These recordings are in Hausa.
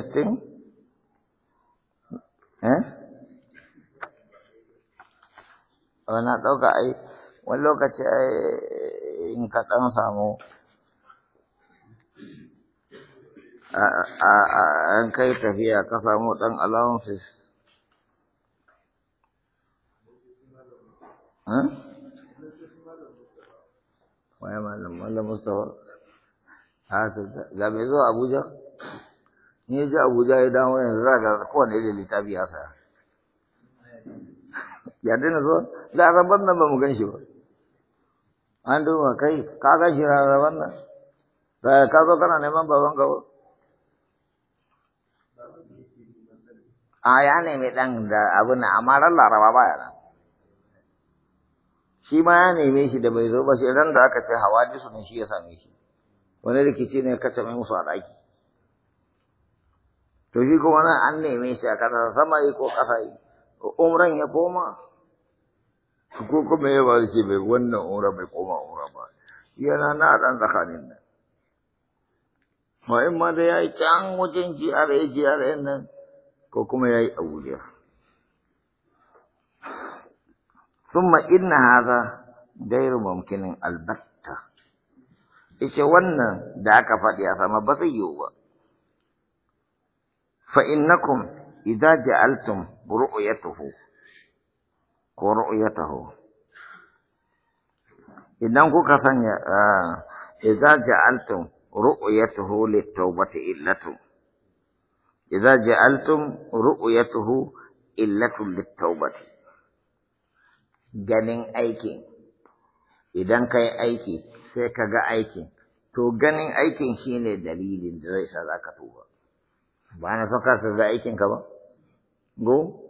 sitting? Eh? ai, wani lokaci ai kai tafiya ka samu ɗan allowances. Eh? Wai malam, malam Abuja? in ya ji abuja ya dawo yanzu za ga kowane da littafi ya saya ya daina da rabar nan ba mu gan shi ba an duba kai ka ga shi rabar nan ka zo kana neman baban ka ba a ya nemi dan da abin nan amma ran laraba baya nan shi ma ya neme shi da bai zo ba sai ran da aka ce hawa jisu ne shi ya same shi wani rikici ne ka mai musu a ɗaki to shi kuma nan an neme shi a kasa sama yi ko kasa yi umran ya koma ko kuma ya ba shi bai wannan umra bai koma umra ba yana na dan tsakanin nan ma in ma da ya yi can wajen jiyarai jiyarai nan ko kuma ya yi Abuja. Summa inna haza gairu mamkinin albatta. Ishe wannan da aka faɗi a sama ba zai yiwu ba. فإنكم إذا جعلتم رؤيته ورؤيته إذا كوكا إذا جعلتم رؤيته للتوبة إلة إذا جعلتم رؤيته إلة للتوبة ganin aikin idan ka aiki sai ka ga aikin to ganin aikin shine dalilin da zai sa za ka tuba ba na son kasa da aikinka ba go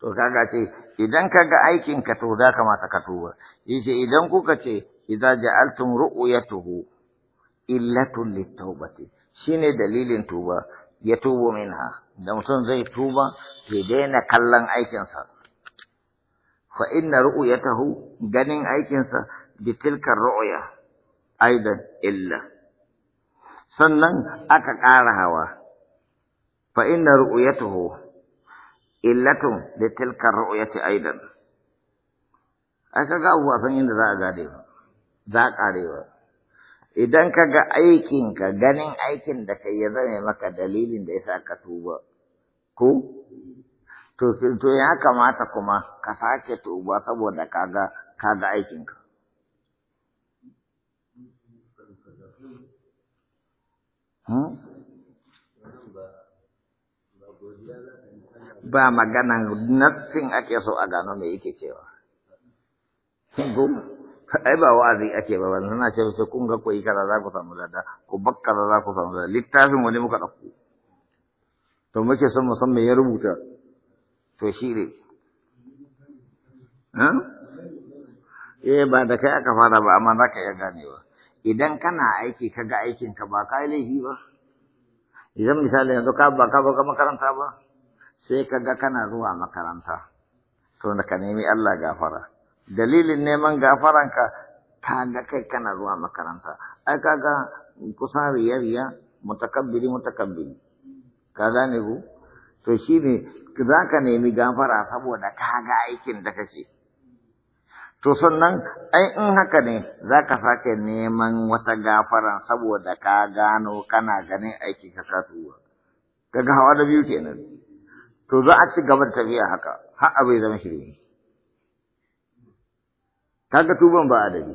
to kaga ce idan kaga aikinka to za ka ka tuba yace idan kuka ce idza ja'altum ru'yatuhu illatun littaubati shine dalilin tuba ya tubo ha? da mutum zai tuba ya daina kallon aikinsa fa inna tahu ganin aikinsa bi tilka ru'ya aidan illa sannan aka ƙara hawa فإن رؤيته إلا لتلك الرؤية أيضا aka ga abubuwa fa inda za gade ba za a ba idan ka ga aikin ka ganin aikin da ka ya zame maka dalilin da ya sa ka tuba ko to to ya kamata kuma ka sake tuba saboda ka ga ka ga aikin ka hmm? ba maganan nassin ake so a gano me yake cewa ai ba wa'azi ake ba ba na ce sai kun ga koyi kaza za ku samu lada ku bak kaza za ku samu lada littafin wani muka ɗauko to muke son mu san me ya rubuta to shi ne eh ba da kai aka fara ba amma za ka iya ganewa idan kana aiki ka ga aikinka ba ka yi laifi ba idan misali yanzu ka ba ka ba makaranta ba sai ka ga kana zuwa makaranta to da ka nemi Allah gafara dalilin neman gafaranka ka ga kai kana zuwa makaranta ai kaga kusan riyariya mutakabbiri mutakabbiri ka gane ku to ne za ka nemi gafara saboda ka ga aikin da kake to sannan ai in haka ne za ka sake neman wata gafara saboda ka gano kana ganin aiki ka kasuwa kaga hawa da biyu kenan to za a ci gaba da tafiya haka har abu ya zama shirme kaga tuban ba adadi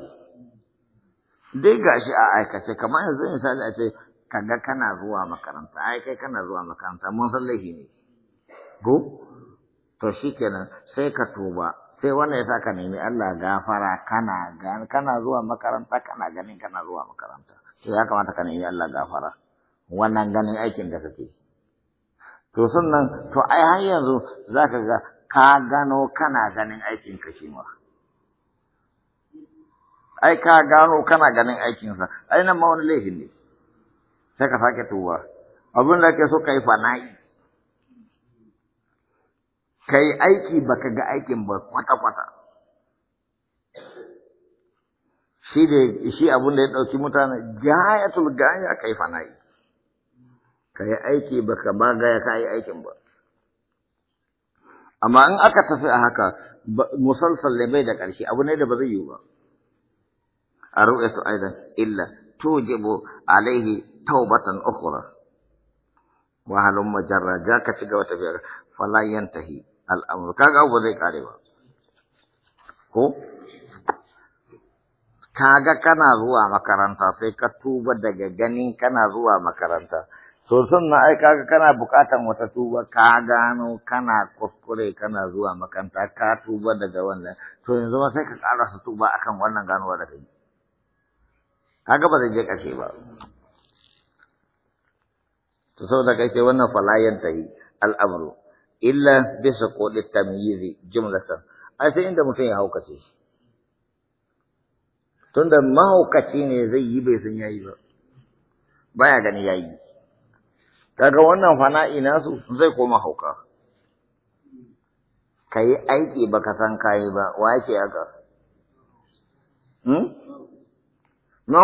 dai gashi a aikace kamar yanzu misali a ce kaga kana zuwa makaranta ai kai kana zuwa makaranta mun san laifi ne go to shikenan sai ka tuba sai wannan ya saka nemi Allah gafara kana kana zuwa makaranta kana ganin kana zuwa makaranta to ya kamata ka nemi Allah gafara wannan ganin aikin da kake to sannan to ai har yanzu za ka ga ka gano kana ganin aikin ka shi ma ai ka gano kana ganin aikinsa ai nan ma wani laifin ne sai ka sake tuba abin da ke so ka yi fana'i ka yi aiki baka ga aikin ba kwata-kwata shi da shi abin da ya ɗauki mutane tulga ya ka yi fana'i kai aiki baka ka ba gaya ka yi aikin ba amma in aka tafi a haka musalsal ne bai da ƙarshe abu ne da ba zai yi ba a aidan illa tujibu alaihi taubatan ukhra wa halum majarra ja ka ci gaba tafiyar fala yantahi al'amru kaga ba zai kare ba ko kaga kana zuwa makaranta sai ka tuba daga ganin kana zuwa makaranta sun na ai kaga kana bukatan wata tuba ka gano kana kuskure kana zuwa makanta ka tuba daga wannan to yanzu ma sai ka tsara su tuba akan wannan ganowa da kai kaga ba zai je kashe ba to saboda kai ce wannan falayan yi al'amru illa bi suqut tamyizi jumlatan ai sai inda mutum ya haukace tunda mahaukaci ne zai yi bai san yayi ba baya gani yayi kaga wannan fana'i nasu zai koma hauka ka yi aiki ba ka san kayi ba wa yake haka hmm?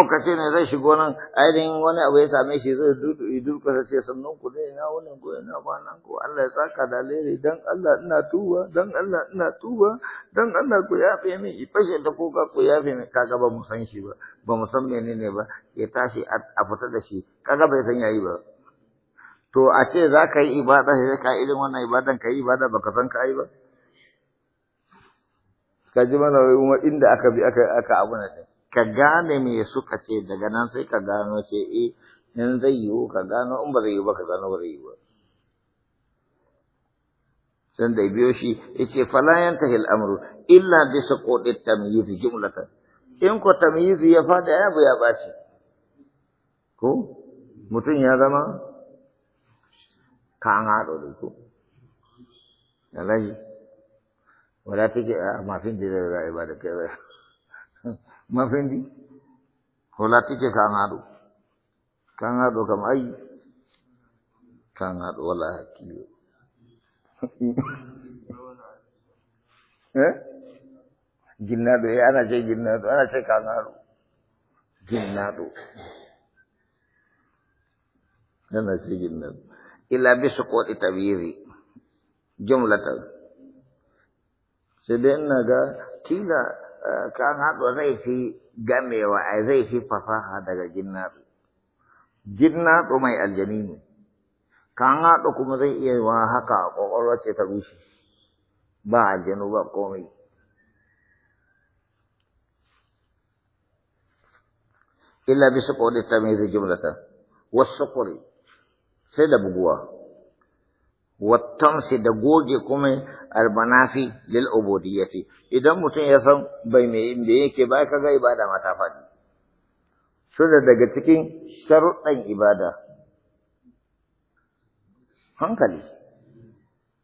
kace ne zai shigo nan ainihin wani abu ya same shi zai idu ka ce sannan ku zai na wani ko yana ba nan ko Allah ya saka da lere dan Allah ina tuba dan Allah ina tuba dan Allah ku yafe ni ifashe da ka ku yafe ni kaga ba mu san shi ba ba mu san menene ba ya tashi a fita da shi kaga bai san yayi ba to a ce za ka yi ibada sai ka irin wannan ibadan ka yi ibada ka san ka yi ba ka ji mana inda aka bi aka aka abu na ka gane me suka ce daga nan sai ka gano ce eh in zai yiwu ka gano in ba zai yiwu ba ka gano ba zai yiwu ba sun da biyo shi yace fala yantahi al-amru illa bi suqut at-tamyiz jumlatan in ko tamyiz ya fada ya bu ya ɓaci. ko mutum ya zama ka an haɗo da ku alhaji wala take a ah, mafin da zai rayu ba da kai ba mafin di wala tike ka an haɗo ka kam ai ka an wala hakiyo eh ginnado eh ana ce ginnado ana ce ka an haɗo ginnado ana ce ginnado illa bi suqut tabiri jumlatan sai dai ina ga kila eh, kan hadu zai fi gamewa ai zai fi fasaha daga jinnatu jinnatu mai aljani kan hadu kuma zai iya wa haka ƙwaƙwalwa ce ta rushe ba aljanu ba komai illa bi suqut tabiri jumlatan wasu kuri sai da buguwa wattamsi da goge kuma albanafi lil ubudiyyati idan mutum ya san bai me inda yake ba ka ga ibada ma ta faɗi so da daga cikin sharuɗan ibada hankali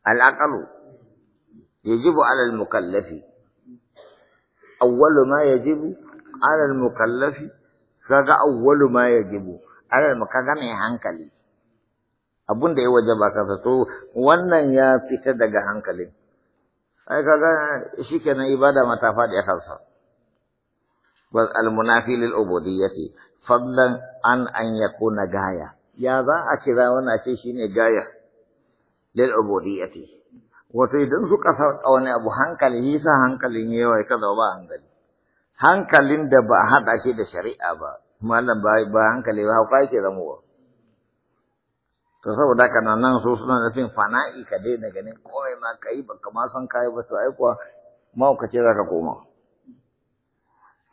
al'aqalu yajibu alal mukallafi awwalu ma yajibu alal mukallafi kaga awwalu ma yajibu alal kaga mai hankali abun da ya waje ba ka to wannan ya fita daga hankalin ai kaga shikenan ibada ma ta faɗi a kansa bal al lil ubudiyyati fadlan an an yakuna gaya ya za a kira wannan ce shine gaya lil ubudiyyati wato idan suka sa wani abu hankali yisa hankalin yawa ya kaza ba hankali hankalin da ba haɗa shi da shari'a ba malam ba hankali ba hauka yake zamowa to saboda haka nan so suna nufin fana'i ka daina ganin komai ma kai ba ma san kai ba to ai kuwa ma ka ce za ka koma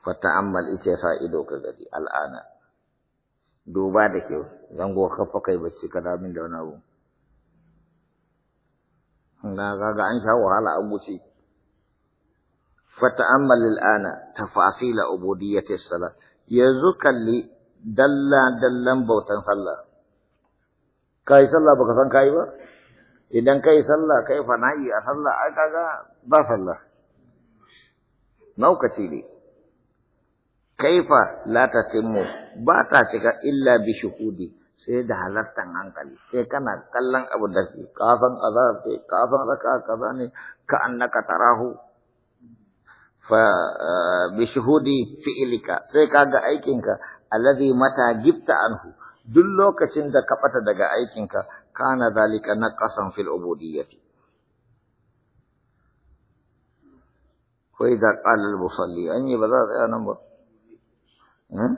fata ta'ammal ita sa ido ka gadi al'ana duba da kyau zango kafa kai bacci ka da min da wani abu na ga an sha wahala an fata fata'ammal al'ana tafasila ubudiyyatis salat yanzu kalli dalla dallan bautan sallah kai sallah baka san kai ba idan kai sallah kai fana'i a sallah ai kaga ba sallah naukaci ne kaifa la timmu ba ta cika illa bi shuhudi sai da halartan hankali sai kana kallon abu da ke kafan azhar ce kafan raka kaza ne ka annaka tarahu fa eh, bi shuhudi fi'lika sai kaga aikinka alladhi mata jibta anhu duk lokacin da ka ɓata daga aikinka kana zalika na ƙasan fil ubudiyyati ko idza qala al musalli an yi ba za tsaya nan ba eh?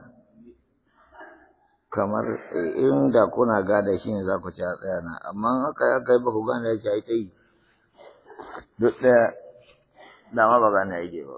kamar eh, inda kuna gada shi ne za ku ci a tsaya na amma haka ya kai ba ku gane yake ai ta yi duk ɗaya dama ba gane yake ba